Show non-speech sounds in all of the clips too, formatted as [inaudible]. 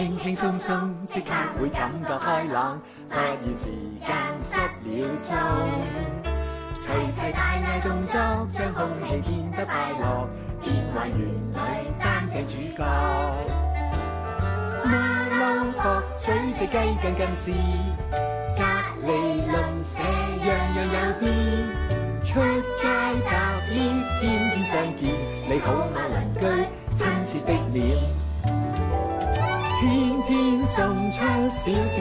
輕輕鬆鬆，即刻會感覺開朗，發現時間失了蹤。齊齊大嗌動作，將空氣變得快樂，變幻原理擔正主角。馬騮哥，嘴直雞更更視。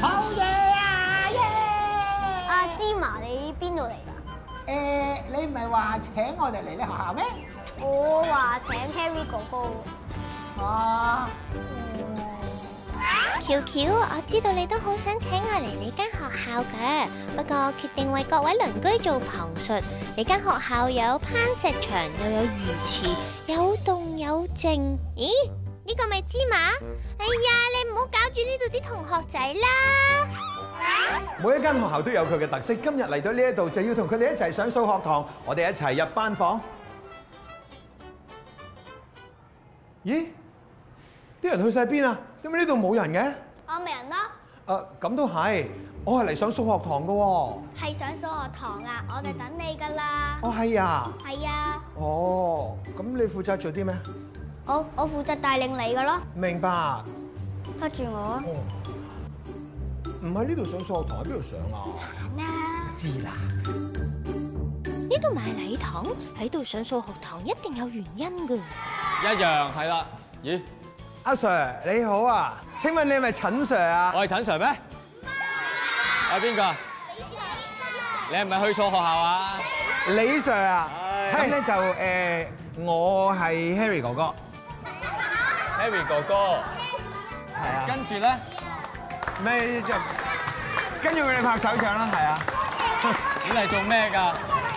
好嘢啊！耶！阿芝麻，你邊度嚟啊？誒，uh, 你唔係話請我哋嚟你學校咩？我話請 Harry 哥，哥哥。啊！Oh. Mm. 喬喬，我知道你都好想請我嚟你間學校嘅，不過決定為各位鄰居做旁述。你間學校有攀石場，又有，有魚池，有動有靜。咦？呢、呢個咪芝麻？哎呀，你唔好搞住呢度啲同學仔啦！每一間學校都有佢嘅特色，今日嚟到呢一度就要同佢哋一齊上數學堂，我哋一齊入班房。咦，啲人去晒邊啊？點解呢度冇人嘅？我咪人咯。誒，咁都係，我係嚟上數學堂嘅。係上數學堂啊，我哋等你噶啦。哦，係呀。係呀。哦，咁你負責做啲咩？好，我負責帶領你噶咯。明白。黑住我。唔喺呢度上數學堂，喺邊度上啊？嗱，知啦。呢度買禮堂，喺度上數學堂一定有原因噶。一樣係啦。咦？阿 Sir 你好啊，請問你係咪陳 Sir 啊？我係陳 Sir 咩？阿邊個？李 Sir。你係咪去錯學校啊？李 Sir 啊，係咧就誒，我係 Harry 哥哥。Harry 哥哥，係啊是的，跟住咧咩做？跟住佢哋拍手掌啦，係啊。你嚟做咩噶？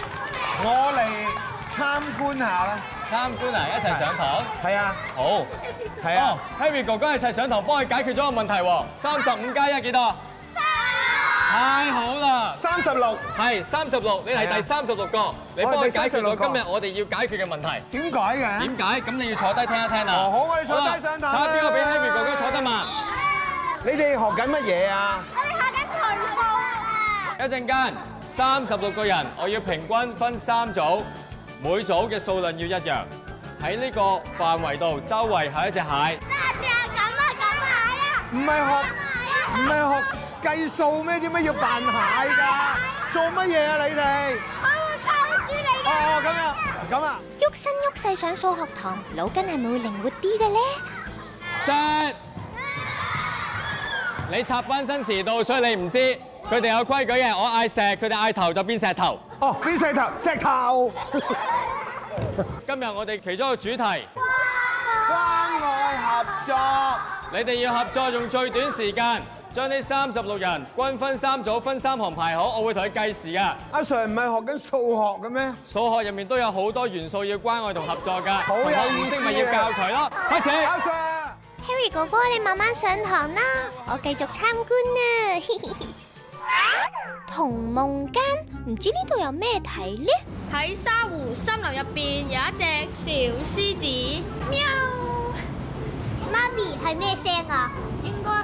[music] 我嚟參觀下啦。參觀啊，的一齊上堂。係啊，好，係啊。Harry 哥哥一齊上堂，幫佢解決咗個問題喎。三十五加一幾多？太好啦！三十六，係三十六，你係第三十六個，你幫我解決到今日我哋要解決嘅問題。點解嘅？點解？咁你要坐低聽一聽啊！好，你坐低上台。睇下邊個俾 Happy 哥哥坐得嘛？你哋學緊乜嘢啊？我哋學緊除數啊！一陣間三十六個人，我要平均分三組，每組嘅數量要一樣。喺呢個範圍度，周圍係一隻蟹。大家咁啊咁啊，唔係學，唔係學。計數咩？點解要扮蟹噶？蟹蟹做乜嘢啊？你哋我會偷住你嘅。哦，咁啊，咁啊。喐身喐勢上數學堂，腦筋係咪會靈活啲嘅咧？石，啊、你插班生遲到，所以你唔知。佢哋哇有規矩嘅，我嗌石，佢哋嗌頭就變石頭。哦，變石頭，石頭。 [laughs] 今日我哋其中一個主題，哇關愛合作。哇你哋要合作，用最短時間。將呢三十六人均分三組，分三行排好，我會同佢計時噶。阿 Sir 唔係學緊數學嘅咩？數學入面都有好多元素要關愛同合作噶，有意我好意識咪要教佢咯。開始，阿 Sir。Harry 哥哥，你慢慢上堂啦，我繼續參觀啊。 [laughs] 同夢間唔知呢度有咩睇呢？喺沙湖森林入邊有一隻小獅子。喵。媽咪係咩聲啊？應該。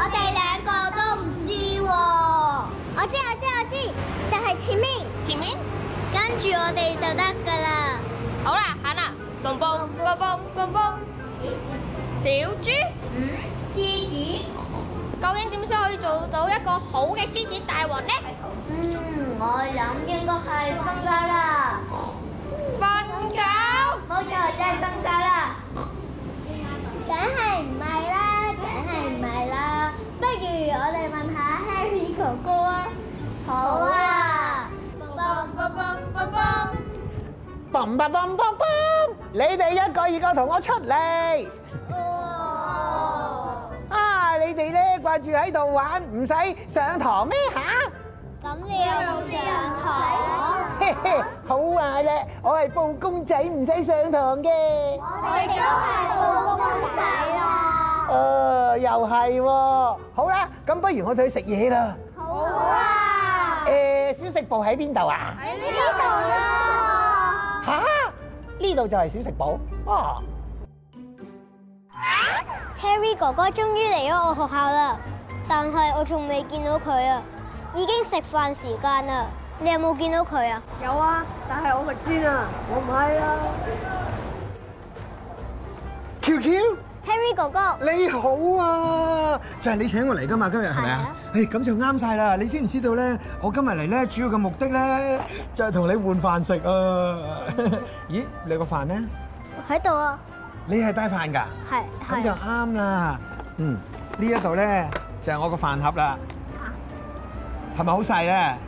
我哋兩個都唔知喎，我知我知我知，就係前面，前面跟住我哋就得㗎啦。好啦，行啦，蹦蹦蹦蹦蹦蹦，小豬，嗯，獅子，究竟點先可以做到一個好嘅獅子大王呢？嗯，我諗應該係瞓覺啦。瞓覺，冇錯，真係瞓覺啦。梗係唔係啦。不如我哋問下 Harry 哥哥，好啊？蹦蹦蹦蹦蹦，蹦蹦蹦蹦蹦，你哋一個二個同我出嚟。啊！你哋咧掛住喺度玩，唔使上堂咩？吓？咁你又要上堂？好啊咧，我係布公仔，唔使上堂嘅。我哋都係布公仔啊！誒、呃、又係喎、啊，好啦，咁不如我哋去食嘢啦。好啊。誒、欸，小食部喺邊度啊？喺呢度啦。吓、啊？呢度就係小食部？啊，Harry 哥哥終於嚟咗我學校啦，但係我仲未見到佢啊。已經食飯時間啦，你有冇見到佢啊？有啊，但係我食先啊，我唔係啊。QQ。Harry 哥哥，你好啊！就係、是、你請我嚟噶嘛，今日係咪啊？誒、咁就啱晒啦！你知唔知道咧？我今日嚟咧，主要嘅目的咧，就係同你換飯食啊！咦， [laughs] 你個飯呢？喺度啊！你帶飯！你係帶飯噶？係咁、啊、就啱啦！嗯，呢一度咧就係我個飯盒啦。係咪好細咧？是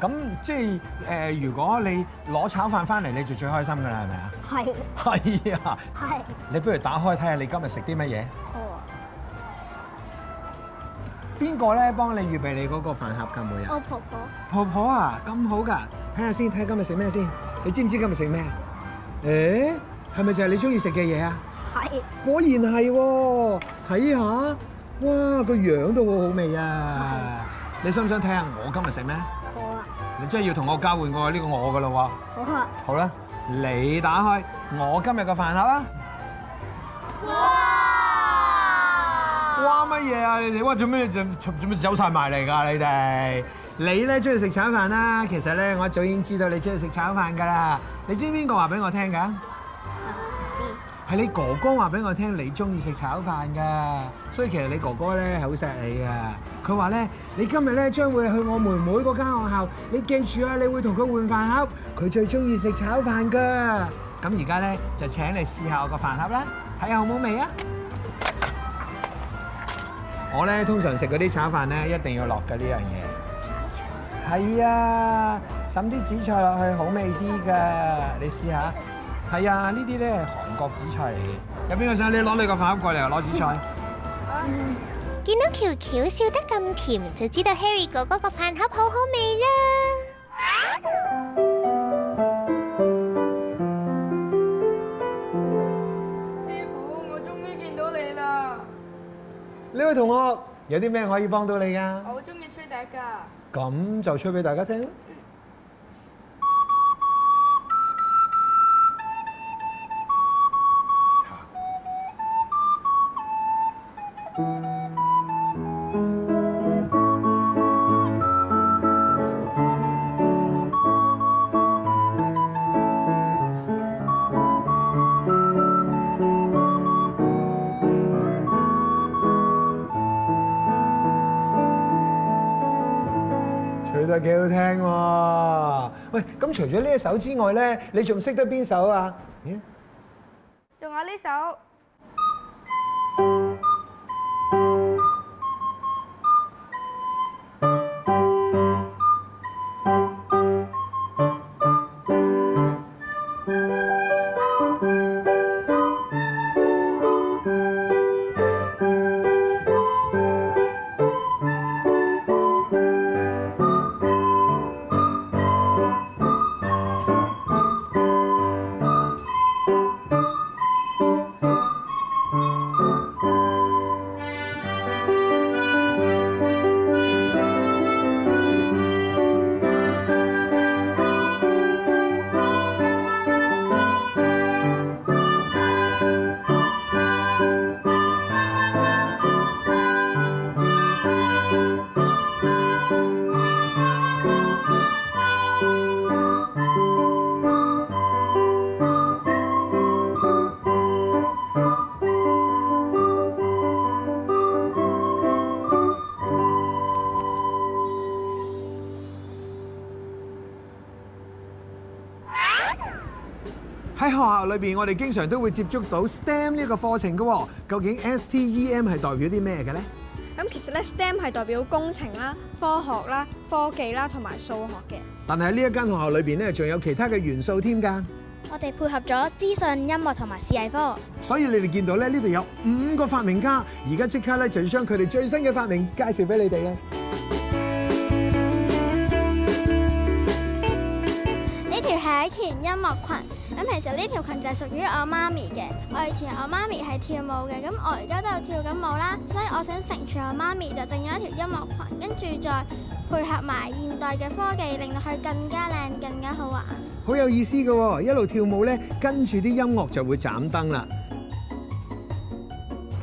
咁即係誒、呃，如果你攞炒飯翻嚟，你就最開心噶啦，係咪啊？係。係啊。係。你不如打開睇下，你今日食啲乜嘢？哦。邊個咧幫你預備你嗰個飯盒㗎？每日。哦，我婆婆。婆婆啊，咁好噶！睇下先，睇下今日食咩先？你知唔知今日食咩？誒、欸，係咪就係你中意食嘅嘢啊？係。果然係喎、哦，睇下，哇，個樣都好好味啊！你想唔想聽下我今日食咩？好啊！你真係要同我交換過呢個我㗎啦喎！好啊！好啦，你打開我今日嘅飯盒啦！哇！哇乜嘢啊？你哋哇做咩做做做咩走晒埋嚟㗎？你哋你咧中意食炒飯啦？其實咧我早已經知道你中意食炒飯㗎啦。你知唔知邊個話俾我聽㗎？係你哥哥話俾我聽，你中意食炒飯㗎，所以其實你哥哥咧係好錫你嘅。佢話咧，你今日咧將會去我妹妹嗰間學校，你記住啊，你會同佢換飯盒，佢最中意食炒飯㗎。咁而家咧就請你試下我個飯盒啦，睇下好唔好味啊！我咧通常食嗰啲炒飯咧一定要落嘅呢樣嘢，係啊，揼啲紫菜落去好味啲㗎，你試下。係啊，呢啲咧韓國紫菜。有邊個想？你攞你個飯盒過嚟攞紫菜。 [laughs] 見到喬喬笑，笑得咁甜，就知道 Harry 哥哥個飯盒好好味啦。師傅，我終於見到你啦！呢位同學，有啲咩可以幫到你噶？我好中意吹笛噶。咁就吹俾大家聽。吹得幾好聽喎！喂，咁除咗呢一首之外呢，你仲識得邊首啊？仲有呢首。裏邊我哋經常都會接觸到 STEM 呢個課程噶，究竟 STEM 係代表啲咩嘅咧？咁其實咧，STEM 係代表工程啦、科學啦、科技啦同埋數學嘅。但係呢一間學校裏邊咧，仲有其他嘅元素添㗎。我哋配合咗資訊、音樂同埋視藝科。所以你哋見到咧，呢度有五個發明家，而家即刻咧就要將佢哋最新嘅發明介紹俾你哋啦。呢條係《甜音樂裙。咁其實呢條裙就係屬於我媽咪嘅，我以前我媽咪係跳舞嘅，咁我而家都有跳緊舞啦，所以我想成全我媽咪，就整咗一條音樂裙，跟住再配合埋現代嘅科技，令到佢更加靚、更加好玩。好有意思嘅喎，一路跳舞咧，跟住啲音樂就會斬燈啦。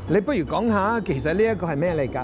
你不如講下，其實呢一個係咩嚟㗎？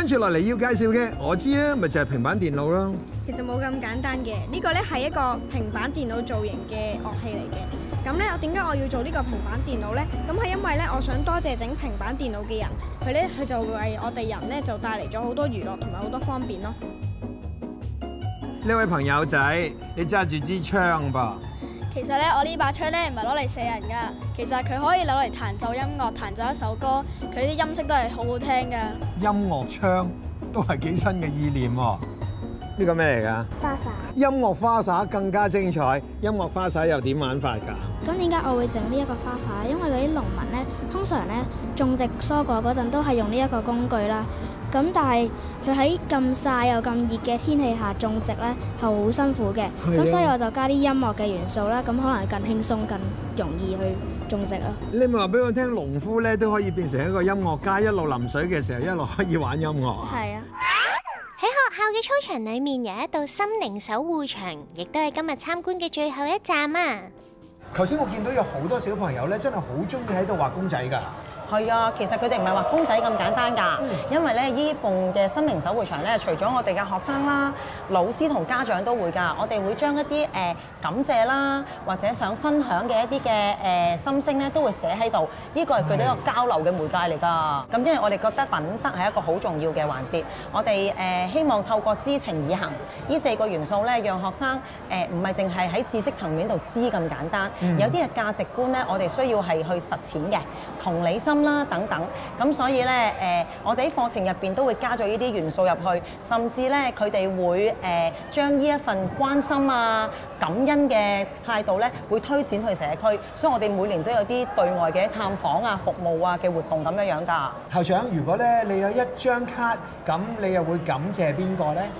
跟住落嚟要介紹嘅，我知啊，咪就係平板電腦咯。其實冇咁簡單嘅，呢個咧係一個平板電腦造型嘅樂器嚟嘅。咁咧，我點解我要做呢個平板電腦咧？咁係因為咧，我想多謝整平板電腦嘅人，佢咧佢就為我哋人咧就帶嚟咗好多娛樂同埋好多方便咯。呢位朋友仔，你揸住支槍噃！其實咧，我呢把槍咧唔係攞嚟射人噶，其實佢可以攞嚟彈奏音樂，彈奏一首歌，佢啲音色都係好好聽噶。音樂槍都係幾新嘅意念喎、哦。呢個咩嚟噶？花灑。音樂花灑更加精彩。音樂花灑又點玩法㗎？咁點解我會整呢一個花灑？因為嗰啲農民咧，通常咧種植蔬果嗰陣都係用呢一個工具啦。咁但係佢喺咁曬又咁熱嘅天氣下種植呢，係好辛苦嘅。咁所以我就加啲音樂嘅元素啦，咁可能更輕鬆、更容易去種植咯。你咪話俾我聽，農夫呢都可以變成一個音樂家，一路淋水嘅時候，一路可以玩音樂。係啊！喺學校嘅操場裏面有一道心靈守護牆，亦都係今日參觀嘅最後一站啊！頭先我見到有好多小朋友咧，真係好鍾意喺度畫公仔㗎。係啊，其實佢哋唔係畫公仔咁簡單㗎，因為咧依部嘅心靈手繪牆咧，除咗我哋嘅學生啦、老師同家長都會㗎。我哋會將一啲誒、呃、感謝啦，或者想分享嘅一啲嘅誒心聲咧，都會寫喺度。呢個係佢哋一個交流嘅媒介嚟㗎。咁的因為我哋覺得品德係一個好重要嘅環節，我哋誒、呃、希望透過知情以行呢四個元素咧，讓學生誒唔係淨係喺知識層面度知咁簡單。Mm hmm. 有啲嘅價值觀咧，我哋需要係去實踐嘅同理心啦等等。咁所以咧，誒、呃，我哋喺課程入邊都會加咗呢啲元素入去，甚至咧佢哋會誒、呃、將呢一份關心啊、感恩嘅態度咧，會推展去社區。所以我哋每年都有啲對外嘅探訪啊、服務啊嘅活動咁樣樣㗎。校長，如果咧你有一張卡，咁你又會感謝邊個咧？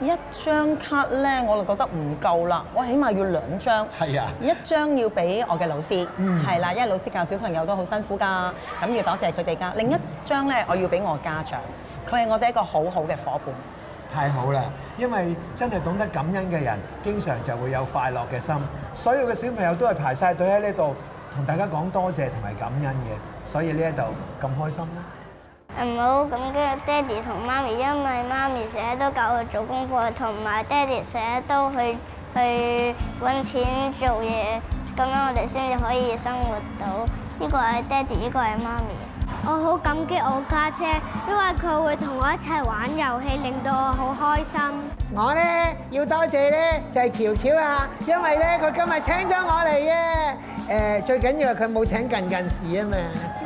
一張卡咧，我就覺得唔夠啦，我起碼要兩張。係啊嗎，一張要俾我嘅老師，嗯、係啦，因為老師教小朋友都好辛苦㗎，咁要多謝佢哋㗎。另一張咧，我要俾我家長，佢係我哋一個好好嘅伙伴。太好啦，因為真係懂得感恩嘅人，經常就會有快樂嘅心。所有嘅小朋友都係排晒隊喺呢度，同大家講多謝同埋感恩嘅，所以呢度咁開心。唔好咁驚，爹哋同媽咪，因為媽咪成日都教佢做功課，同埋爹哋成日都去去搵錢做嘢，咁樣我哋先至可以生活到。呢個係爹哋，呢個係媽咪。我好感激我家姐，因為佢會同我一齊玩遊戲，令到我好開心。我呢，要多謝呢，就係喬喬啊，因為呢，佢今日請咗我嚟嘅。誒，最緊要係佢冇請近近視啊嘛。